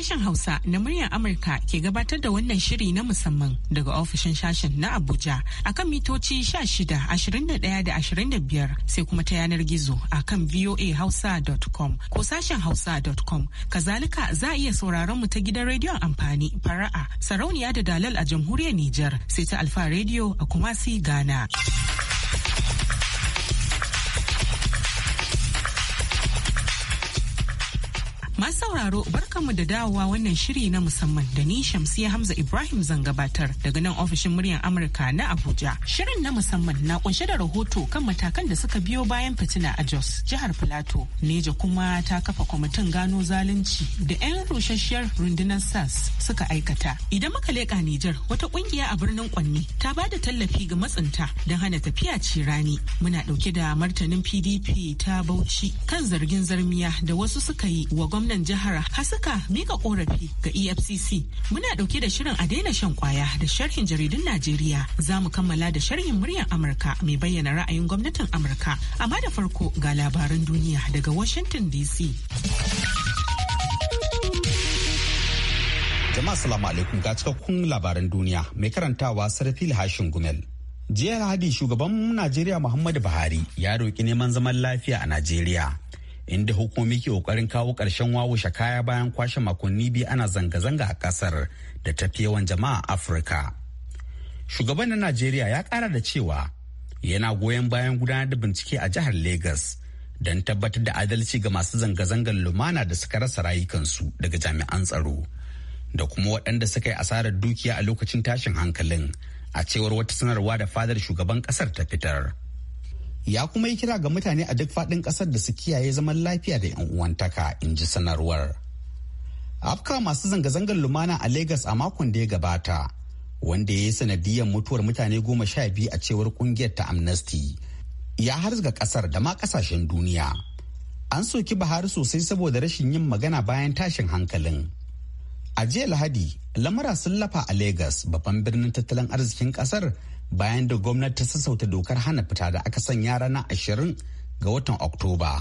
Sashen Hausa na muryar Amurka ke gabatar da wannan shiri na musamman daga ofishin sashen na Abuja akan mitoci 16, 21 da 25 sai kuma ta yanar gizo akan voahausa.com ko sashen hausa.com. Kazalika za a iya sauraron mu ta gidan rediyon amfani fara'a sarauniya da dalal a jamhuriyar Nijar sai ta Alfa Radio a Kumasi Ghana. Masu sauraro barkanmu da dawowa wannan shiri na musamman da ni Shamsiya Hamza Ibrahim zan gabatar daga nan ofishin muryar Amurka na Abuja. Shirin na musamman na kunshe da rahoto kan matakan da suka biyo bayan fitina a Jos, jihar Filato. Neja kuma ta kafa kwamitin gano zalunci da 'yan rusasshiyar rundunar SAS suka aikata. Idan muka leƙa Nijar wata ƙungiya a birnin Kwanni ta ba da tallafi ga matsinta don hana tafiya ce rani. Muna ɗauke da martanin PDP ta Bauchi kan zargin zarmiya da wasu suka yi wa gwamnati wannan jihar Hasaka mika korafi ga EFCC. Muna dauke da shirin a daina shan kwaya da sharhin jaridun Najeriya. Za mu kammala da sharhin muryar Amurka mai bayyana ra'ayin gwamnatin Amurka. Amma da farko ga labaran duniya daga Washington DC. Jama'a salamu alaikum ga cikakkun labaran duniya mai karantawa Sarfil Hashin Gumel. Jiya Lahadi shugaban Najeriya Muhammadu Buhari ya roki neman zaman lafiya a Najeriya. inda hukumomi ke kokarin kawo ƙarshen wawushe kaya bayan kwashe makonni biyu ana zanga-zanga a kasar da tafi yawan jama'a afirka shugaban na najeriya ya kara da cewa yana goyon bayan gudanar da bincike a jihar lagos don tabbatar da adalci ga masu zanga-zangar lumana da suka rasa rayukansu daga jami'an tsaro da kuma waɗanda suka yi asarar dukiya a lokacin tashin hankalin a cewar wata sanarwa da fadar shugaban ƙasar ta fitar. ya kuma yi kira ga mutane a duk faɗin ƙasar da su kiyaye zaman lafiya da 'yan uwantaka in ji sanarwar afka masu zanga-zangar lumana a Legas a makon da ya gabata wanda ya yi sanadiyar mutuwar mutane goma sha biyu a cewar kungiyar ta amnesty ya harzga ƙasar da ma ƙasashen duniya an soki buhari sosai saboda rashin yin magana bayan tashin hankalin a jiya lahadi lamura sun lafa a Legas babban birnin tattalin arzikin ƙasar bayan da gwamnati ta sassauta dokar hana fita da aka sanya ranar ashirin ga watan oktoba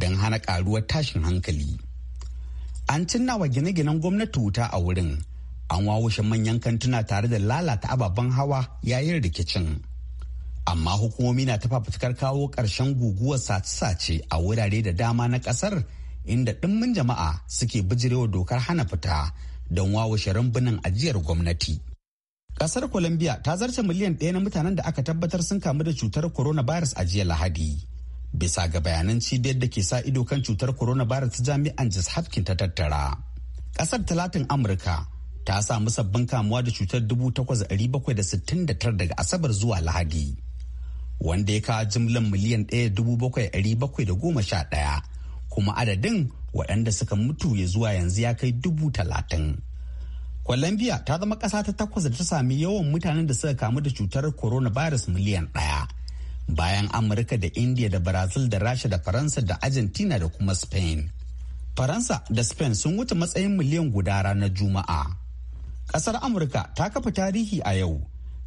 don hana karuwar tashin hankali an cinna wa gine-ginen gwamnati wuta a wurin an wawushe manyan kantuna tare da lalata ababen hawa yayin rikicin amma hukumomi na ta kawo ƙarshen guguwar sace-sace a wurare da dama na ƙasar inda ɗimbin jama'a suke bijirewa dokar hana fita don wawashe rumbunan ajiyar gwamnati. Kasar Colombia ta zarce miliyan ɗaya na mutanen da aka tabbatar sun kamu da cutar coronavirus a jiya Lahadi. Bisa ga bayanan cibiyar da ke sa ido kan cutar coronavirus ta jami'an Jis ta tattara. Kasar Talatin Amurka ta samu sabbin kamuwa da cutar 8,769 daga Asabar zuwa Lahadi. Wanda ya kawo jimlan miliyan ɗaya kuma adadin waɗanda suka mutu ya zuwa yanzu ya kai dubu talatin. Colombia ta zama ƙasa ta takwas da ta sami yawan mutanen da suka kamu da cutar coronavirus miliyan ɗaya. Bayan Amurka da India da Brazil da Rasha da Faransa da Argentina da kuma Spain. Faransa da Spain sun wuce matsayin miliyan guda ranar Juma'a. Ƙasar Amurka ta kafa tarihi a yau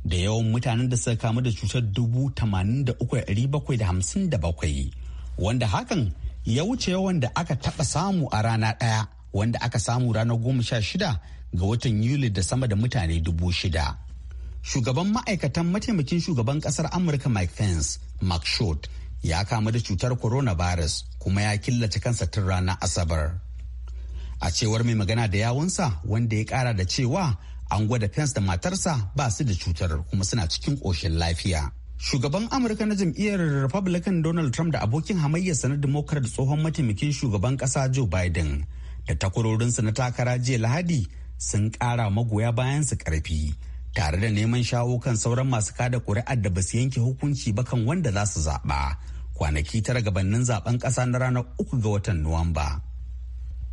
da yawan mutanen da suka kamu da cutar dubu tamanin da da bakwai wanda hakan ya wuce yawan da aka taɓa samu a rana ɗaya wanda aka samu ranar goma sha shida ga watan yuli da sama da mutane dubu shida shugaban ma'aikatan mataimakin shugaban kasar amurka mike pence mark short ya kamu da cutar coronavirus kuma ya killace kansa tun ranar asabar a cewar mai magana da yawunsa wanda ya kara da cewa an gwada pence da matarsa ba su da cutar kuma suna cikin koshin lafiya shugaban amurka na jam'iyyar republican donald trump da abokin hamayyarsa na democrat tsohon mataimakin shugaban ƙasa joe biden da takwarorinsu na takara jiya lahadi sun ƙara magoya bayan su karfi tare da neman shawo kan sauran masu kada kuri'ar da ba su yanke hukunci ba kan wanda za su zaɓa kwanaki tara gabanin zaben ƙasa na ranar uku ga watan nuwamba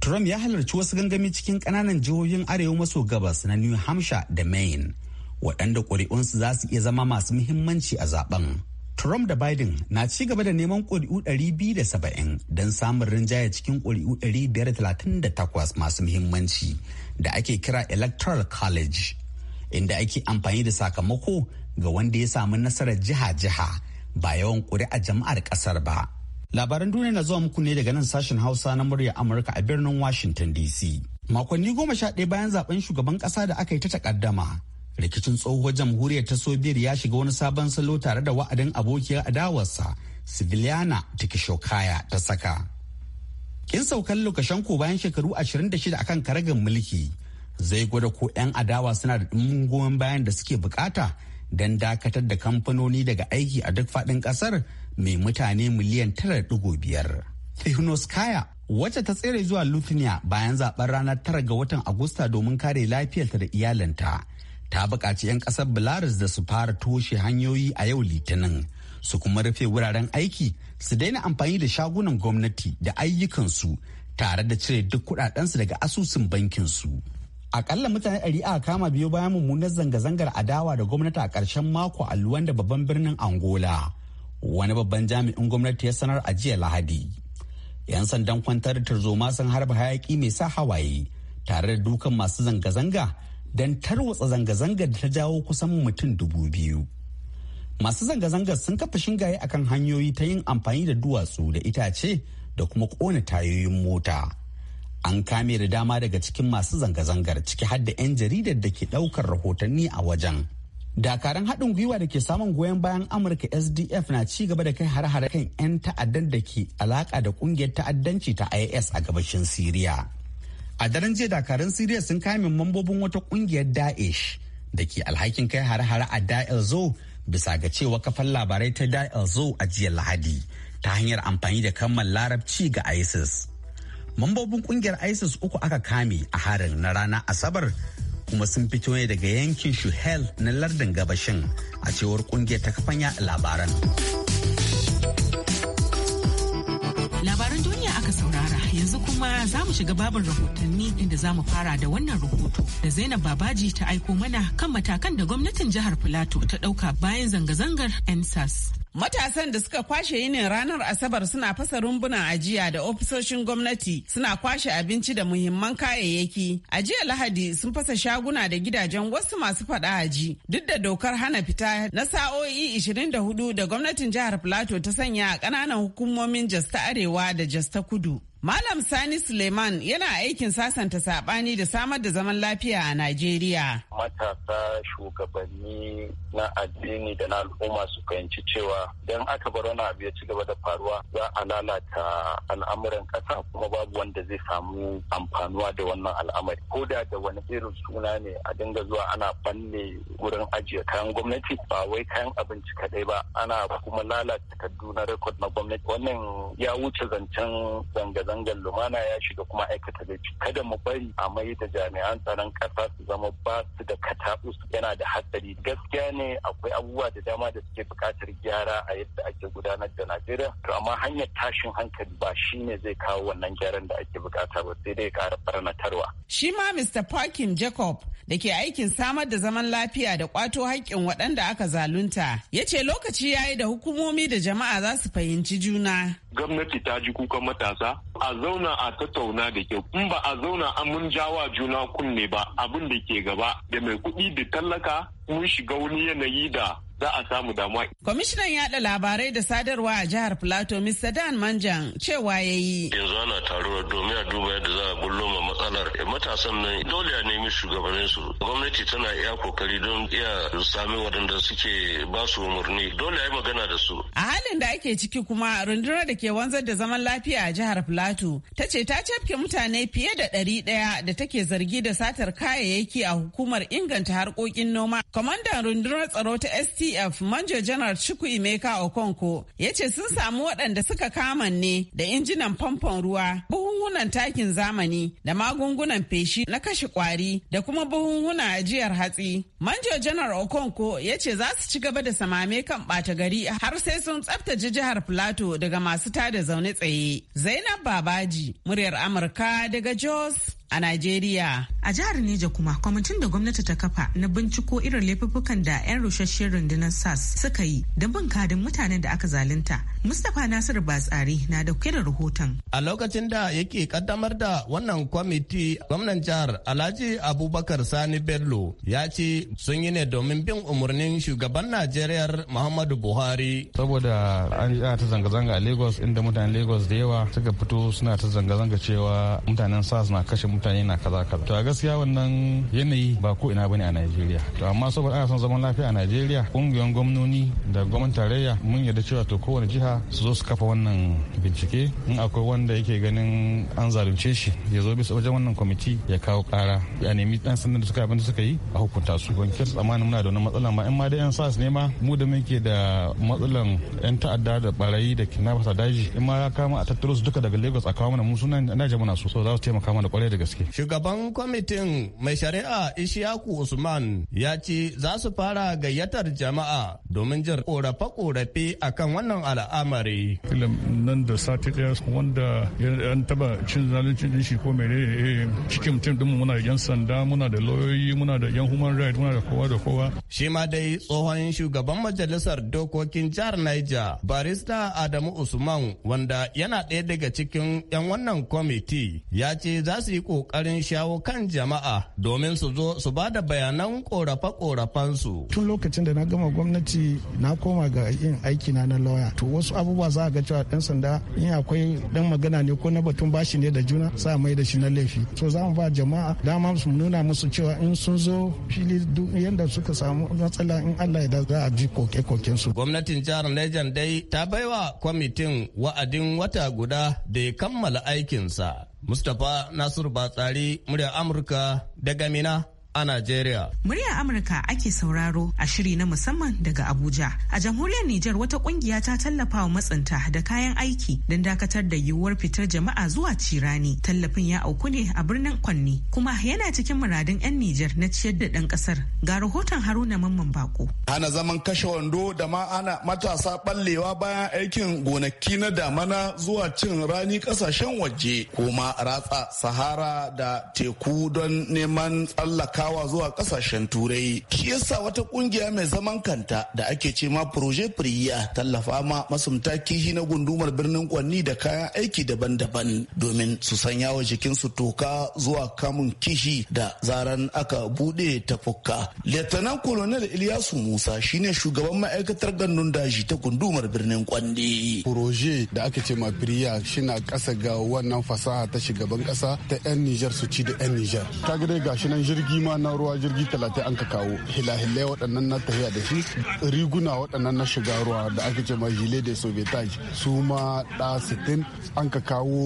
trump ya halarci wasu gangami cikin ƙananan jihohin arewa maso gabas na new hampshire da maine waɗanda ƙuri'unsu za su iya zama masu muhimmanci a zaben Trump da Biden na ci gaba da neman ƙuri'u 270 don samun rinjaye cikin ƙuri'u 538 masu muhimmanci da ake kira Electoral College, inda ake amfani da sakamako ga wanda ya samu nasarar jiha-jiha ba yawan ƙuri'a jama'ar ƙasar ba. Labaran duniya na zuwa muku ne daga nan sashen Hausa na murya Amurka a birnin Washington DC. Makonni goma sha ɗaya bayan zaben shugaban ƙasa da aka yi ta takaddama. rikicin tsohuwar jamhuriyar ta sobiyar ya shiga wani sabon salo tare da wa'adin abokiyar adawarsa siviliana tikishokaya ta saka kin saukan lukashenko bayan shekaru 26 akan karagar mulki zai gwada ko 'yan adawa suna da ɗumin bayan da suke bukata don dakatar da kamfanoni daga aiki a duk faɗin ƙasar mai mutane miliyan 9.5 Tihunoskaya wacce ta tsere zuwa Lithuania bayan zaben ranar 9 ga watan Agusta domin kare lafiyarta da iyalanta ta buƙaci 'yan ƙasar belarus da su fara toshe hanyoyi a yau litinin su kuma rufe wuraren aiki su daina amfani da shagunan gwamnati da ayyukansu tare da cire duk kudadensu daga asusun bankinsu akalla mutane ɗari a kama biyu bayan mummunar zanga-zangar adawa da gwamnati a ƙarshen mako a da babban birnin angola wani babban jami'in gwamnati ya sanar a jiya lahadi yan sandan kwantar tarzoma sun harba hayaki mai sa hawaye tare da dukan masu zanga-zanga don tarwatsa zanga-zangar da ta jawo kusan mutum dubu biyu. Masu zanga-zangar sun kafa shingaye akan hanyoyi ta yin amfani da duwatsu da itace da kuma kona tayoyin mota. An kame da dama daga cikin masu zanga-zangar ciki har 'yan jaridar da ke ɗaukar rahotanni a wajen. Dakaran haɗin gwiwa da ke samun goyon bayan Amurka SDF na ci gaba da kai har-hare kan 'yan ta'addan da ke alaƙa da ƙungiyar ta'addanci ta IS a gabashin Siriya. a daren jiya dakarun siriya sun kame mambobin wata kungiyar daesh da ke alhakin kai hare-hare a da'il zo bisa ga cewa kafan labarai ta da'il zo a jiya lahadi ta hanyar amfani da kammal larabci ga isis mambobin kungiyar isis uku aka kame a harin na rana asabar kuma sun fito ne daga yankin shuhel na lardin gabashin a cewar kungiyar ta kafan yaɗa labaran labaran duniya aka saurara Yanzu kuma za mu shiga babin rahotanni inda za mu fara da wannan rahoto da Zainab Babaji ta aiko mana kan matakan da gwamnatin jihar Filato ta ɗauka bayan zanga-zangar NSAS. Matasan da suka kwashe yinin ranar Asabar suna fasa rumbunan ajiya da ofisoshin gwamnati suna kwashe abinci da muhimman kayayyaki. A jiya Lahadi sun fasa shaguna da gidajen wasu masu fada aji duk da dokar hana fita na sa'o'i 24 da gwamnatin jihar Plateau ta sanya a ƙananan hukumomin Jasta Arewa da Jasta Kudu. Malam Sani Suleiman yana aikin sasanta sabani da samar da zaman lafiya a Najeriya. Matasa shugabanni na addini da na al'umma su fahimci cewa don aka bar wani abu ya ci gaba da faruwa za a lalata al'amuran ƙasa kuma babu wanda zai samu amfanuwa da wannan al'amari. Ko da da wani irin suna ne a dinga zuwa ana fanne wurin ajiye kayan gwamnati ba wai kayan abinci kaɗai ba ana kuma lalata takardu na rekod na gwamnati wannan ya wuce zancen zanga zanga-zangar lumana ya shiga kuma aikata ci. kada mu bari a mai da jami'an tsaron kasa su zama ba su da katabus yana da hatsari gaskiya ne akwai abubuwa da dama da suke buƙatar gyara a yadda ake gudanar da najeriya to amma hanyar tashin hankali ba shi ne zai kawo wannan gyaran da ake buƙata ba sai dai ƙara barnatarwa shi ma mr parkin jacob da ke aikin samar da zaman lafiya da kwato haƙƙin waɗanda aka zalunta ya ce lokaci ya yi da hukumomi da jama'a za su fahimci juna gwamnati ta ji kukan matasa a zauna a tattauna da kyau in ba a zauna a mun jawa juna kunne ba abin da ke gaba da mai kuɗi da tallaka mun shiga wani yanayi da za a samu damuwa. Kwamishinan yada labarai da sadarwa a jihar Filato, Mr. Dan Manjan cewa ya yi. Yanzu ana taruwa domin a duba yadda za a gulloma matsalar eh, matasan nan dole a nemi shugabannin su. Gwamnati tana iya kokari don iya sami waɗanda suke ba su umarni dole a yi magana da su. A halin da ake ciki kuma rundunar da ke wanzar da zaman lafiya a jihar Filato ta ce ta cafke mutane fiye da ɗari ɗaya da take zargi da satar kayayyaki a hukumar inganta harkokin noma. Kwamandan rundunar tsaro ta ST sdf manjo janar chuku imeka okonko ya ce sun samu waɗanda suka kaman ne da injinan famfon ruwa buhunhunan takin zamani da magungunan feshi na kashe kwari da kuma buhunhuna ajiyar hatsi manjo janar okonko ya ce za su ci gaba da samame kan ɓata gari har sai sun tsaftace jihar plateau daga masu tada zaune tsaye zainab babaji muryar amurka daga jos a Najeriya. A jihar Neja kuma kwamitin da gwamnati ta kafa na binciko irin laifuffukan da 'yan rushasshen rundunar SAS suka yi da bin kadin mutanen da aka zalunta. Mustapha Nasir Batsari na dauke da rahoton. A lokacin da yake kaddamar da wannan kwamiti gwamnan jihar Alhaji Abubakar Sani Bello ya ce sun yi ne domin bin umarnin shugaban Najeriya Muhammadu Buhari. Saboda an ta zanga-zanga a Lagos inda mutanen Lagos da yawa suka fito suna ta zanga-zanga cewa mutanen SAS na kashe mutane mutane na kaza kaza to a gaskiya wannan yanayi ba ko ina bane a Najeriya to amma saboda ana son zaman lafiya a Najeriya kungiyoyin gwamnoni da gwamnatin tarayya mun yarda cewa to kowane jiha su zo su kafa wannan bincike in akwai wanda yake ganin an zalunce shi ya zo bisa wajen wannan kwamiti ya kawo kara ya nemi dan sanin da suka abin da suka yi a hukunta su ban kirs tsammanin muna da wannan matsala ma in ma dai yan sas ne ma mu da muke da matsalan yan ta'adda da barayi da kidnappers a daji in ma ya kama a tattaro su duka daga Lagos a kawo mana mu sunan na jama'a su so za su taimaka mana kwarai da gaske. Shugaban kwamitin mai shari'a Ishaku Usman ya ce za su fara gayyatar jama'a domin jin korafe-korafe kan wannan al'amari. Filim nan da sati ɗaya wanda ya taba cin zalunci ɗin shi ko mere eh, cikin mutum ɗin muna da yan sanda muna da lauyoyi muna da yan human rights muna da kowa da kowa. Shi ma dai tsohon shugaban majalisar dokokin jihar Niger barista Adamu Usman wanda yana ɗaya daga cikin 'yan wannan kwamiti ya ce za su yi kokarin shawo kan jama'a domin su zo su ba da bayanan korafe korafensu Tun lokacin da na gama gwamnati na koma ga yin aiki na na lauya. To wasu abubuwa za a ga cewa dan sanda in akwai dan magana ne ko na batun bashi ne da juna sa mai da shi na laifi. to za mu ba jama'a dama su nuna musu cewa in sun zo fili duk yadda suka samu matsala in Allah ya za a ji koke-koken su. Gwamnatin jihar Legend dai ta baiwa kwamitin wa'adin wata guda da ya kammala aikinsa. Mustapha Nasiru Batsari, murya Amurka daga Mina a Najeriya. Muryar Amurka ake sauraro a shiri na musamman daga Abuja. A jamhuriyar Nijar wata kungiya ta tallafa wa matsinta da kayan aiki don dakatar da yiwuwar fitar jama'a zuwa cirani. Tallafin ya auku ne a birnin Kwanni kuma yana cikin muradin 'yan Nijar na ciyar da ɗan ƙasar. Ga rahoton Haruna Mamman Bako. Hana zaman kashe wando da ma ana matasa ɓallewa bayan aikin gonaki na damana zuwa cin rani ƙasashen waje kuma ratsa sahara da teku don neman tsallaka awa zuwa kasashen turai shi yasa wata kungiya mai zaman kanta da ake ce ma proje priya tallafa ma masumta kihi na gundumar birnin kwanni da kayan aiki daban-daban domin su sanya wa jikinsu toka zuwa kamun kishi da zaran aka bude tafukka lieutenant colonel ilyasu musa shine shugaban ma'aikatar gandun daji ta gundumar birnin kwanni proje da ake ce ma priya shina kasa ga wannan fasaha ta shugaban kasa ta yan nijar su ci da yan nijar ta gida shi nan jirgi ma na ruwa jirgi talatin an ka kawo hilahilai waɗannan na tafiya da shi riguna waɗannan na shiga ruwa da ake ce ma jile da sauvetage su ma ɗa sittin an ka kawo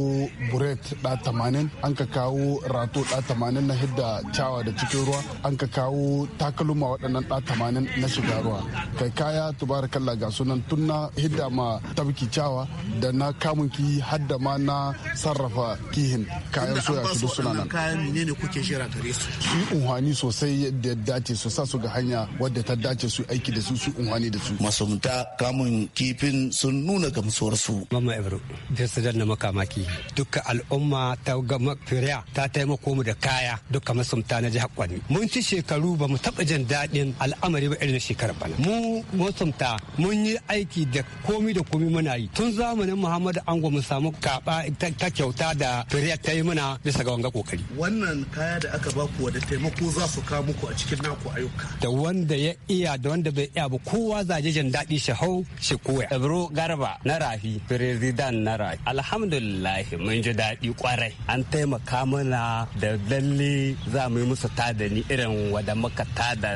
buret ɗa tamanin an ka kawo rato ɗa tamanin na hidda cawa da cikin ruwa an ka kawo takaluma waɗannan ɗa tamanin na shiga ruwa kai kaya tubarakalla ga sunan tun na hidda ma tabki cawa da na kamun ki hadda ma na sarrafa kihin kayan soya su suna nan kayan menene kuke jira gare su unhwani sosai yadda ya dace su sa su ga hanya wadda ta dace su aiki da su su unhani da su. Masumta kamun kifin sun nuna gamsuwarsu. Mama Ibro, Fesa Janna makamaki, duka al'umma ta gama firiya ta taimako mu da kaya duka masumta na jihar Kwani. Mun ci shekaru ba mu taɓa jin daɗin al'amari ba irin shekarar bana. Mu masumta mun yi aiki da komi da komi muna yi. Tun zamanin Muhammadu Ango mu samu kaɓa ta kyauta da firiya ta yi muna bisa ga wanga kokari. Wannan kaya da aka baku da taimako su za su kawo muku a cikin naku ayyuka. Da wanda ya iya da wanda bai iya ba kowa zaje jin daɗi shi hau shi koya. Dabro Garba na Rafi, Firizidan na Rafi. Alhamdulillah mun ji daɗi kwarai. An taimaka mana da lalle za mu yi musu tada ni irin wada muka tada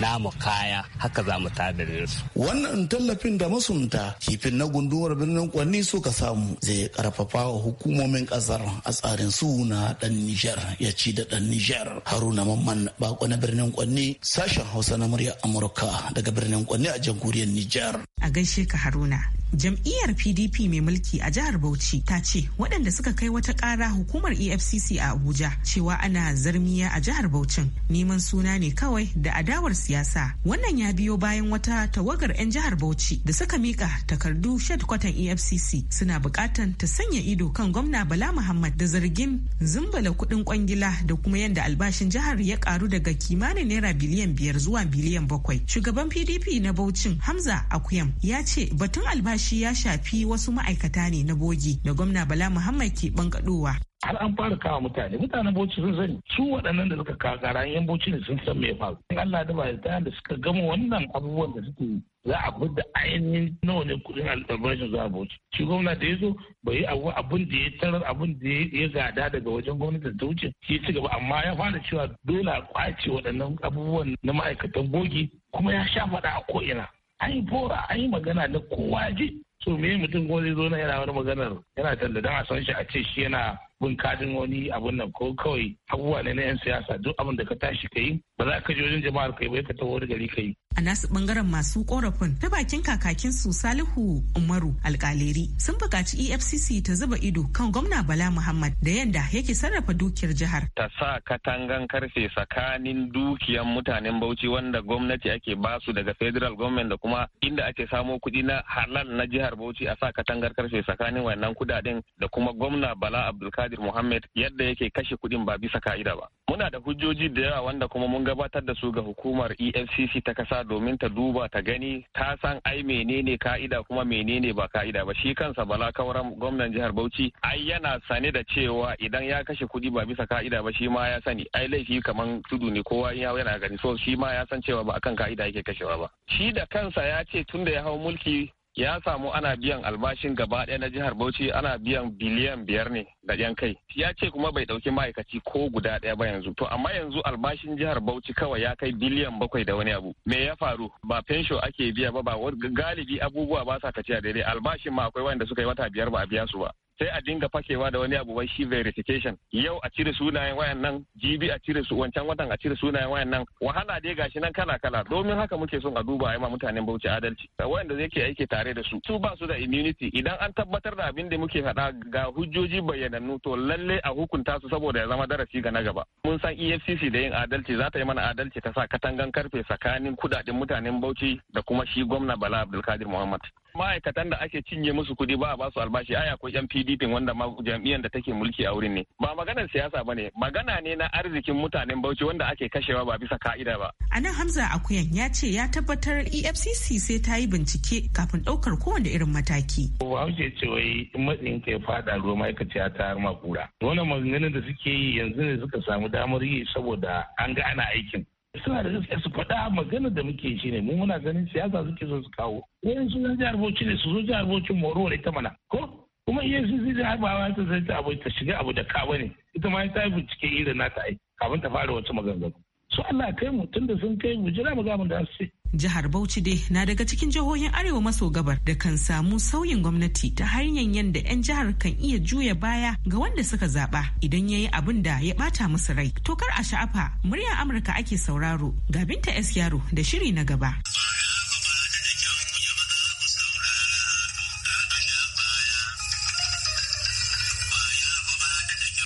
namu kaya haka za mu tada su. Wannan tallafin da masunta kifin na gundumar birnin Kwanni suka samu zai karfafa wa hukumomin kasar a tsarin su na ɗan Nijar ya ci da ɗan Nijar Haruna Mamman Abdulrahman Bako na birnin Kwanni sashen Hausa na murya Amurka daga birnin Kwanni a jamhuriyar Nijar. A gaishe ka Haruna. Jam'iyyar PDP mai mulki a jihar Bauchi ta ce waɗanda suka kai wata ƙara hukumar EFCC a Abuja cewa ana zarmiya a jihar Bauchin neman suna ne kawai da adawar siyasa. Wannan ya biyo bayan wata tawagar 'yan jihar Bauchi da suka mika takardu shadkwatan EFCC suna buƙatan ta sanya ido kan gwamna Bala Muhammad da zargin zumbala kuɗin kwangila da kuma yadda albashin jihar ya ƙaru daga kimanin naira biliyan biyar zuwa biliyan bakwai. Shugaban PDP na Bauchin Hamza Akuyam ya ce batun albashin shi ya shafi wasu ma'aikata ne na bogi da gwamna Bala Muhammad ke bangadowa. har an fara kawo mutane mutanen bauchi sun sani su waɗannan da suka kawo gara yan bauchi ne sun san me faru in Allah da ba da da suka gama wannan abubuwan da suke za a da ainihin nawa ne kuɗin albashin za a bauchi shi gwamna da ya zo bai yi abu abin da ya tarar abun da ya gada daga wajen gwamnatin ta wuce ya ci gaba amma ya fara cewa dole a kwace waɗannan abubuwan na ma'aikatan bogi kuma ya sha faɗa a ko'ina an yi fora an yi magana da kowa ji so me mutum ko zai zo na yana wani maganar yana talla don a san shi a ce shi yana bin kadin wani abun nan ko kawai abubuwa ne na yan siyasa duk abin da ka tashi ka yi ba za ka je wajen jama'ar kai ba ka taho wani gari ka yi a nasu bangaren masu korafin ta bakin kakakin su salihu umaru alkaleri sun buƙaci efcc ta zuba ido kan gwamna bala muhammad da yadda yake sarrafa dukiyar jihar ta sa katangan karfe tsakanin dukiyan mutanen bauchi wanda gwamnati ake basu daga federal government da kuma inda ake samo kuɗi na halal na jihar bauchi a sa katangar karfe tsakanin wannan kudaden da kuma gwamna bala abdulkadir muhammad yadda yake kashe kuɗin ba bisa ka'ida ba muna da hujjoji da yawa wanda kuma mun gabatar da su ga hukumar efcc ta kasa domin ta duba ta gani ta san ai menene ka'ida kuma menene ba ka'ida ba shi kansa bala kawaran gwamnan jihar bauchi ai yana sane da cewa idan ya kashe kuɗi ba bisa ka'ida ba shi ma ya sani ai laifi kaman tudu ne kowa ya yana gani so shi ma ya san cewa ba akan ka'ida yake kashewa ba shi da kansa ya ce tunda ya hau mulki ya samu ana biyan albashin gaba ɗaya na jihar Bauchi ana biyan biliyan biyar ne da yan kai. Ya ce kuma bai ɗauki ma'aikaci ko guda ɗaya ba yanzu. To amma yanzu albashin jihar Bauchi kawai ya kai biliyan bakwai da wani abu. Me ya faru? Ba fensho ake biya ba ba galibi abubuwa ba sa tafiya daidai albashin ma akwai wanda suka yi wata biyar ba a biya su ba. sai a dinga fakewa da wani abu shi verification yau a cire sunayen wayannan jibi a cire su wancan watan a cire sunayen wayannan wahala dai gashi nan kala kala domin haka muke son a duba a ma mutanen Bauchi adalci wayanda zai ke aiki tare da su su ba su da immunity idan an tabbatar da abin da muke faɗa ga hujjoji bayyanannu to lalle a hukunta su saboda ya zama darasi ga na gaba mun san EFCC da yin adalci za ta yi mana adalci ta sa katangan karfe tsakanin kudaden mutanen Bauchi da kuma shi gwamna Bala Abdulkadir Muhammad ma'aikatan da ake cinye musu kudi ba a basu albashi ai akwai yan PDP wanda ma jam'iyyar da take mulki a wurin ne ba maganar siyasa bane magana ne na arzikin mutanen Bauchi wanda ake kashewa ba bisa ka'ida ba a nan Hamza Akuyan ya ce ya tabbatar EFCC sai ta yi bincike kafin daukar kowane irin mataki ko hauke ce wai matsin kai fada ruwa ma'aikaciya ta har makura wannan maganganun da suke yi yanzu ne suka samu damar yi saboda an ga ana aikin suna da gaskiya su faɗa magana da muke shi ne mu muna ganin siyasa suke so su kawo wani su zan jihar bauchi ne su zo jihar bauchi moro ta mana ko kuma iya su zai jihar bawa ta zai ta abu ta shiga abu da kawo ne ita ma ta yi bincike irin nata ai kafin ta fara wata maganganu su Allah kai mu da sun kai mu jira mu mu da su Jihar Bauchi dai na daga cikin jihohin Arewa maso gabar da kan samu sauyin gwamnati ta hanyar yadda 'yan jihar kan iya juya baya ga wanda suka zaba idan ya yi abin da ya bata musu rai. Tokar a sha'afa muryar Amurka ake sauraro ga Binta S yaro da shiri na gaba.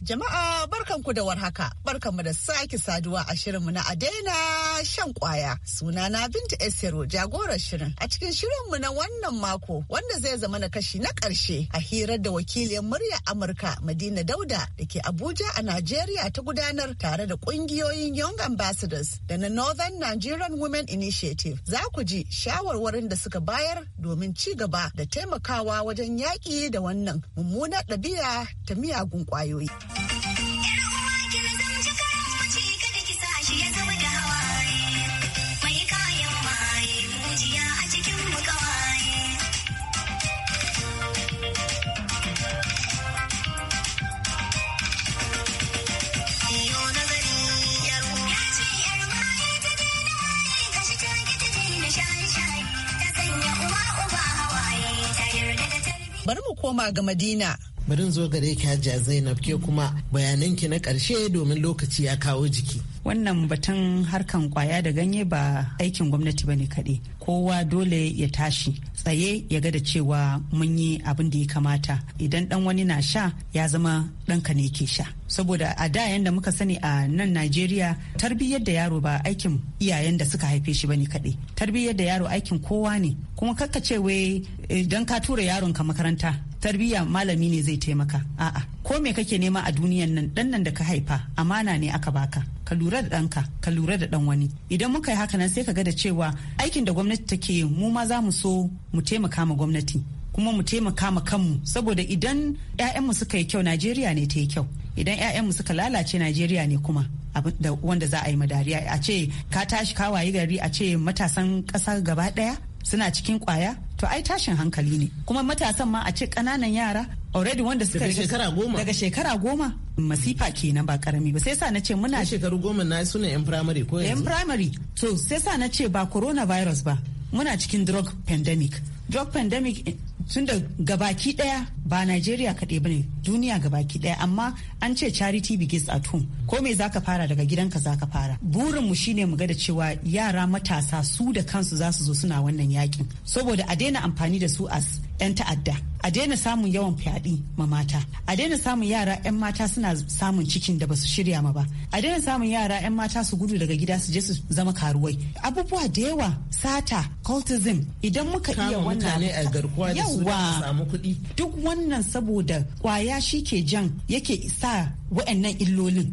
Jama'a barkanku da warhaka, barkanmu da sake saduwa a shirin mu na daina shan kwaya. Sunana Binta Esero jagorar shirin. A cikin shirin mu na wannan mako wanda zai zama na kashi na karshe a hirar da wakilin murya Amurka Madina Dauda da ke Abuja a Najeriya ta gudanar tare da ƙungiyoyin Young Ambassadors da na Northern Nigerian Women Initiative. Za ku ji shawarwarin da suka bayar domin ci gaba da taimakawa wajen yaƙi da wannan mummunar ɗabi'a ta miyagun ƙwayoyi. bari mu koma ga madina bari zo gare ki hajiya zainab ke kuma ki na karshe domin lokaci ya kawo jiki wannan batun harkan kwaya da ganye ba aikin gwamnati bane kaɗai kowa dole ya tashi tsaye ya ga da cewa mun yi abin da ya kamata idan dan wani na sha ya zama ɗanka ne ke sha saboda a da yanda muka sani a nan najeriya tarbiyyar da yaro ba aikin iyayen da suka haife shi bane kaɗai tarbiyyar da yaro aikin kowa ne kuma ce wai idan ka tura yaron ka makaranta tarbiyya malami ne zai taimaka a'a ko me kake nema a duniyan nan dan nan da ka haifa amana ne aka baka ka lura da ɗanka ka lura da ɗan wani idan muka yi haka nan sai ka ga da cewa aikin da gwamnati take mu ma za mu so mu taimaka ma gwamnati kuma mu taimaka ma kanmu saboda idan 'ya'yanmu suka yi kyau najeriya ne ta yi kyau idan 'ya'yanmu suka lalace najeriya ne kuma da wanda za a yi madariya a ce ka tashi ka wayi gari a ce matasan ƙasa gaba ɗaya suna cikin kwaya to ai tashin hankali ne kuma matasan ma a ce ƙananan yara already wanda suka daga shekara goma daga shekara goma masifa kenan ba karami ba sai sa na ce muna shekaru goma na suna yan primary ko yan primary to sai sa na ce ba coronavirus ba muna cikin drug pandemic drug pandemic tun da gabaki daya ba Najeriya kaɗai bane duniya gabaki daya amma an ce charity begins at home ko me zaka fara daga gidanka zaka fara burin mu shine mu ga da cewa yara matasa su da kansu za su zo suna wannan yakin saboda a daina amfani da su as 'yan ta'adda a daina samun yawan fyaɗe ma mata a daina samun yara 'yan mata suna samun cikin da basu shirya ma ba a daina samun yara 'yan mata su gudu daga gida su je su zama karuwai abubuwa da yawa sata cultism idan muka iya wannan yawa duk wannan saboda kwaya shi ke jan yake sa wa'annan illolin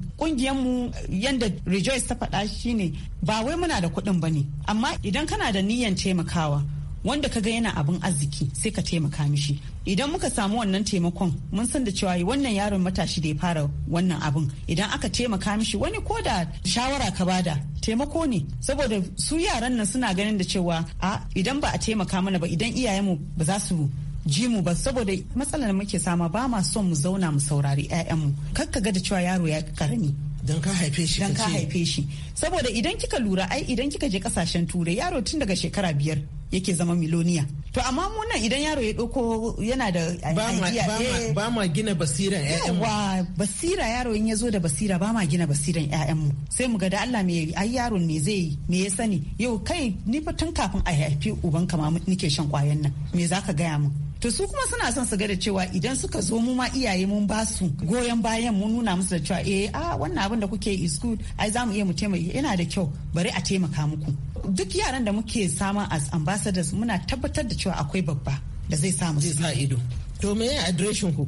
mu yanda rejoice ta faɗa shine ba wai muna da kuɗin ba ne amma idan kana da niyyar taimakawa wanda ka ga yana abin arziki sai ka taimaka mishi idan muka samu wannan taimakon mun san da cewa wannan yaron matashi da ya fara wannan abin idan aka taimaka mishi wani ko da shawara ka bada taimako ne saboda su yaran nan suna ganin da cewa a idan ba a taimaka mana ba idan iyayenmu ba za su ji mu ba saboda matsalar muke sama ba ma son mu zauna mu saurari 'ya'yanmu kakka ga da cewa yaro ya karami don ka haife shi don ka haife shi saboda idan kika lura ai idan kika je kasashen turai yaro tun daga shekara biyar yake zama miloniya to amma mu nan idan yaro ya doko yana da eh. ba ma gina basiran ƴaƴan basira yaro in ya zo da basira ba ma gina basiran ƴaƴan mu sai mu ga da Allah me ai yaron me zai yi me ya sani yau kai ni fa tun kafin a haifi uban kama nike shan kwayan nan me zaka gaya mu to su kuma suna son su ga da cewa idan suka zo mu ma iyaye mun ba su goyon bayan mu nuna musu da cewa eh a wannan abin da kuke is good ai za mu iya mu taimaka yana da kyau bari a taimaka muku duk yaran da muke sama as ambassadors muna tabbatar da cewa akwai babba da zai samu zai sa ido to me adireshin ku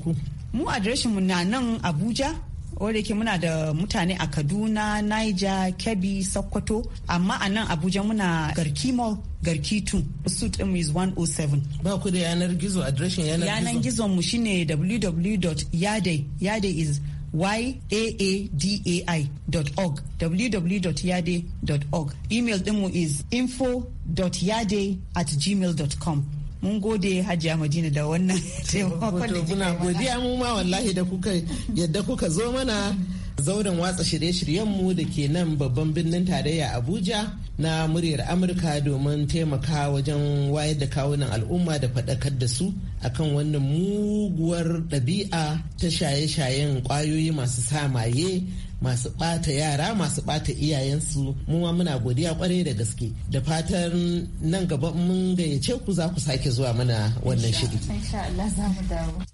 mu adireshin mu na nan Abuja wadda yake muna da mutane a kaduna niger kebbi sokoto amma a nan abuja muna garki mall garki 2 suit m is 107 ba ku da yanar gizo adireshin yanar gizo yanar gizon mu shine www.yadai yadai is yaadai.org www.yadai.org email dinmu is info.yade at gmail.com mun gode hajiya madina da wannan taimakon da muna godiya mu ma wallahi da kuka yadda kuka zo mana zauren watsa shirye-shiryenmu da ke nan babban birnin tarayya abuja na muryar amurka domin taimaka wajen wayar da kawunan al'umma da faɗakar da su akan wannan muguwar ɗabi'a ta shaye-shayen ƙwayoyi masu samaye masu ɓata yara masu ɓata iyayensu mu ma muna godiya kwarai da gaske da fatan nan gaba mun gayyace ku za ku sake zuwa mana wannan shiri.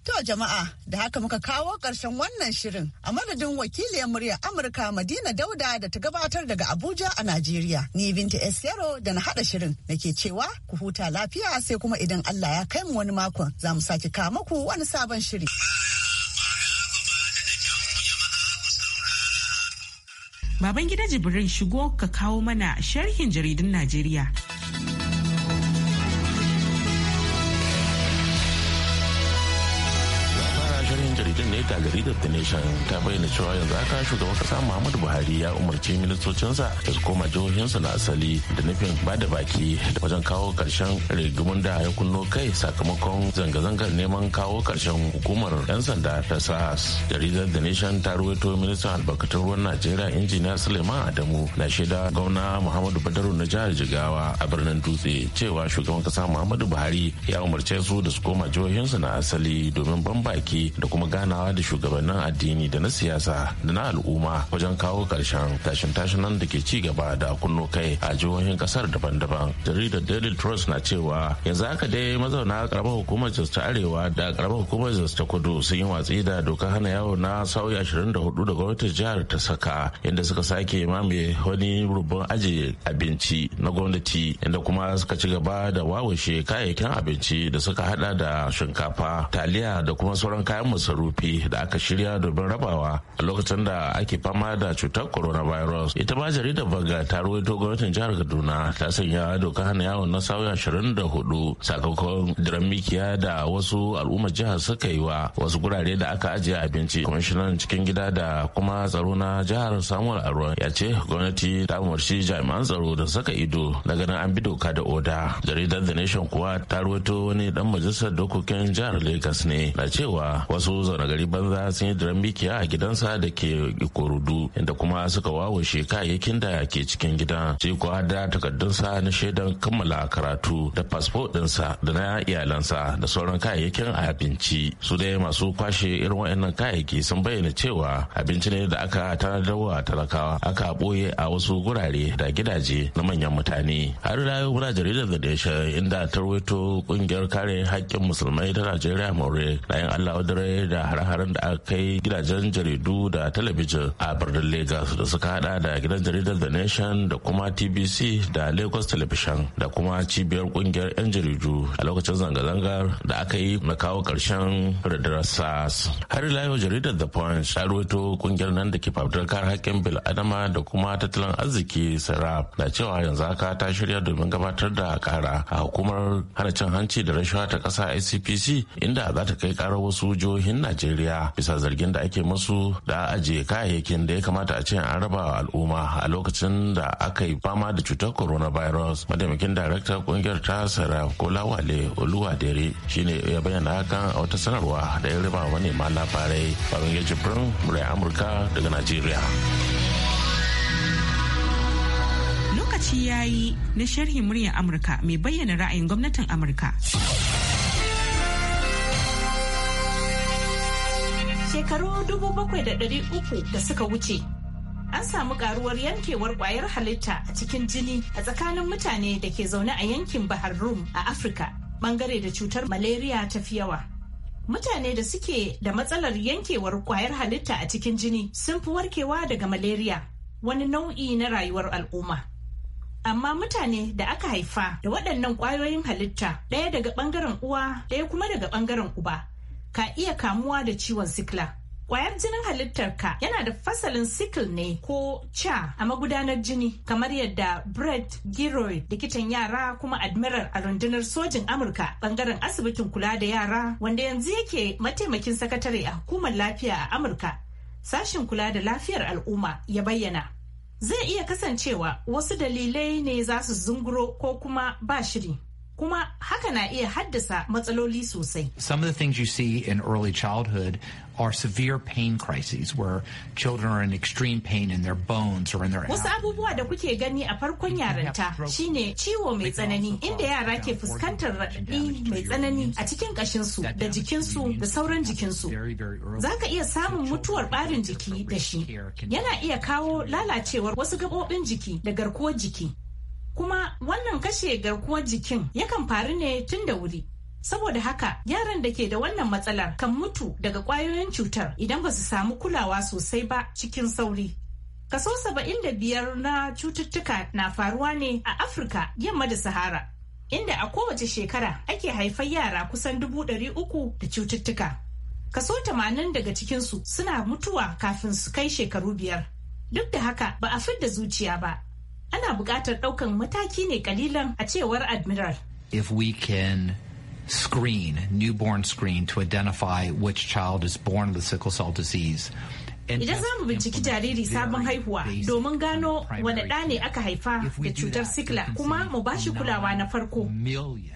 To jama'a da haka muka kawo ƙarshen wannan shirin a madadin wakiliyar murya Amurka Madina Dauda da ta gabatar daga Abuja a Najeriya. Ni Binta S. da na haɗa shirin nake cewa ku huta lafiya sai kuma idan Allah ya kai mu wani makon za mu sake kawo muku wani sabon shiri. Baban gida Jibrin shigo ka kawo mana sharhin jaridun Najeriya. jaridar ne ta jaridar the nation ta bayyana cewa yanzu aka shugaban kasa muhammadu buhari ya umarci ministocinsa da su koma jihohinsu na asali da nufin ba da baki da wajen kawo karshen rigimun da ya kunno kai sakamakon zanga-zangar neman kawo karshen hukumar 'yan sanda ta SARS. jaridar the nation ta ruwaito ministan albarkatun ruwan najeriya injiniya suleiman adamu na shaida gwamna muhammadu badaru na jihar jigawa a birnin dutse cewa shugaban kasa muhammadu buhari ya umarce su da su koma jihohinsu na asali domin ban baki da kuma ganawa da shugabannin addini da na siyasa da na al'umma wajen kawo karshen tashin tashinan da ke ci gaba da kunno kai a jihohin kasar daban-daban jaridar daily trust na cewa yanzu haka dai mazauna karamar hukumar jos arewa da karamar hukumar jos ta kudu sun yi watsi da dokar hana yawo na sauyi hudu da gwamnatin jihar ta saka inda suka sake mamaye wani rubun aji abinci na gwamnati inda kuma suka ci gaba da wawashe kayayyakin abinci da suka hada da shinkafa taliya da kuma sauran kayan masarufi rufi da aka shirya domin rabawa a lokacin da ake fama da cutar coronavirus ita ma jaridar baga ta ruwaito gwamnatin jihar kaduna ta sanya doka hana yawon na sauya ashirin da hudu sakamakon diramikiya da wasu al'ummar jihar suka yi wa wasu gurare da aka ajiye abinci kwamishinan cikin gida da kuma tsaro na jihar samuel aron ya ce gwamnati ta umarci jami'an tsaro da saka ido na ganin an bi doka da oda jaridar the nation kuwa ta ruwaito wani dan majalisar dokokin jihar lagos ne na cewa wasu zaune gari banza sun yi diran mikiya a gidansa da ke ikorodu inda kuma suka wawo wawashe kayayyakin da ke cikin gidan sai ko da takardunsa na shaidan kammala karatu da fasfo ɗinsa da na iyalansa da sauran kayayyakin abinci su dai masu kwashe irin wa'annan kayayyaki sun bayyana cewa abinci ne da aka tanadar wa talakawa aka boye a wasu gurare da gidaje na manyan mutane har da yau muna jaridar da dashe inda ta rawaito kungiyar kare haƙƙin musulmai ta najeriya more na yin allah da da hare-haren da aka kai gidajen jaridu da talabijin a birnin lagos da suka hada da gidan jaridar The Nation da kuma TBC da Lagos Television da kuma cibiyar kungiyar 'yan jaridu a lokacin zanga zanga da aka yi na kawo karshen radar SARS. Har layo jaridar The Punch ta ruwaito kungiyar nan da ke fafitar kar haƙƙin bil adama da kuma tattalin arziki Sarab da cewa yanzu haka ta shirya domin gabatar da kara a hukumar hana cin hanci da rashawa ta kasa ICPC inda za ta kai karar wasu jihohin najeriya bisa zargin da ake musu da ajiye kayayyakin da ya kamata a ce an raba wa al'umma a lokacin da aka yi fama da cutar coronavirus mataimakin darakta kungiyar ta sarraf kolawale oluwadere ne ya bayyana hakan a wata sanarwa da ya raba manema labarai babin ya jibrin murai amurka daga najeriya lokaci ya yi na sharhin murya amurka mai bayyana ra'ayin gwamnatin amurka shekaru bakwai da uku da suka wuce an samu karuwar yankewar kwayar halitta a cikin jini a tsakanin mutane da ke zaune a yankin bahar rum a afirka bangare da cutar malaria ta fi yawa mutane da suke da matsalar yankewar kwayar halitta a cikin jini sun fi warkewa daga malaria wani nau'i na rayuwar al'umma amma mutane da aka haifa da waɗannan kwayoyin halitta ɗaya daga ɓangaren uwa ɗaya kuma daga ɓangaren uba ka iya kamuwa da ciwon sikla Kwayar jinin halittarka yana da fasalin sickle ne ko ca a magudanar jini kamar yadda Brett Giroy likitan yara kuma admiral a rundunar sojin Amurka bangaren asibitin kula da yara wanda yanzu yake mataimakin sakatare a hukumar lafiya a Amurka sashin kula da lafiyar al'umma ya bayyana. Zai iya kasancewa wasu dalilai ne za su zunguro ko kuma ba shiri. kuma haka na iya haddasa matsaloli sosai. Some of the things you see in early childhood are severe pain crises where children are in extreme pain in their bones or in their Wasu abubuwa da kuke gani a farkon yaranta shine ciwo mai tsanani uh, inda yara ke fuskantar raɗaɗi mai tsanani a cikin ƙashinsu da jikinsu da sauran jikinsu. Za ka iya samun mutuwar ɓarin jiki da shi. Yana iya kawo lalacewar wasu gaɓoɓin jiki da garkuwar jiki. Kuma wannan kashe garkuwar jikin yakan faru ne tun da wuri. Saboda haka yaran da ke da wannan matsalar kan mutu daga ƙwayoyin cutar idan ba su samu kulawa sosai ba cikin sauri. Kaso saba'in da biyar na cututtuka na faruwa ne a Afirka yamma da Sahara, inda a kowace shekara ake haifar yara kusan dubu ɗari uku da cututtuka. Kaso tamanin daga cikinsu suna mutuwa kafin su kai shekaru biyar. Duk da haka ba a fidda zuciya ba. Ana buƙatar ɗaukan mataki ne ƙalilan a cewar Admiral. If we can screen, newborn screen, to identify which child is born with sickle cell disease. Idan za mu binciki jariri sabon haihuwa domin gano wane ɗa ne aka haifa da cutar sikla kuma mu ba shi kulawa na farko.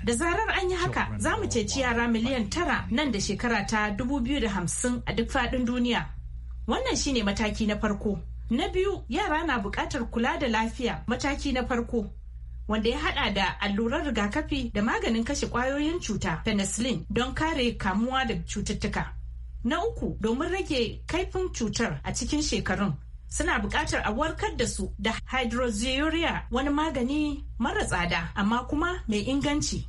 Da zarar an yi haka za mu ceci yara miliyan tara nan da shekara ta 2050 a duk faɗin duniya. Wannan shine mataki na farko. Na biyu yara na buƙatar kula da lafiya mataki na farko. wanda ya hada da allurar rigakafi da maganin kashe kwayoyin cuta penicillin don kare kamuwa da cututtuka. Na uku domin rage kaifin cutar a cikin shekarun suna bukatar a warkar da su da hydroxyurea wani magani mara tsada amma kuma mai inganci.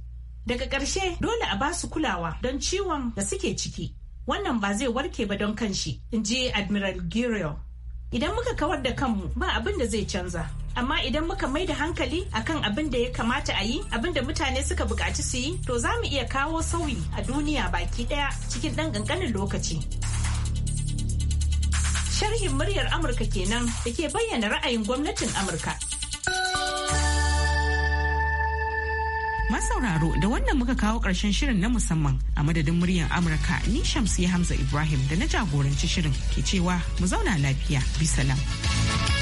Daga ƙarshe dole a ba su kulawa don ciwon da suke ciki. Wannan ba zai warke ba don kanshi, in ji Admiral Giriel. idan muka kawar da kanmu ba abin da zai canza amma idan muka mai da hankali akan abin da ya kamata a yi abin da mutane suka buƙaci su yi to za mu iya kawo sauyi a duniya baki ɗaya cikin ɗan ƙanƙanin lokaci sharhin muryar amurka kenan da ke bayyana ra'ayin gwamnatin amurka Masauraro da wannan muka kawo ƙarshen shirin na musamman a madadin muryar Amurka ni Shamsi Hamza Ibrahim da na jagoranci shirin ke cewa mu zauna lafiya bisalam.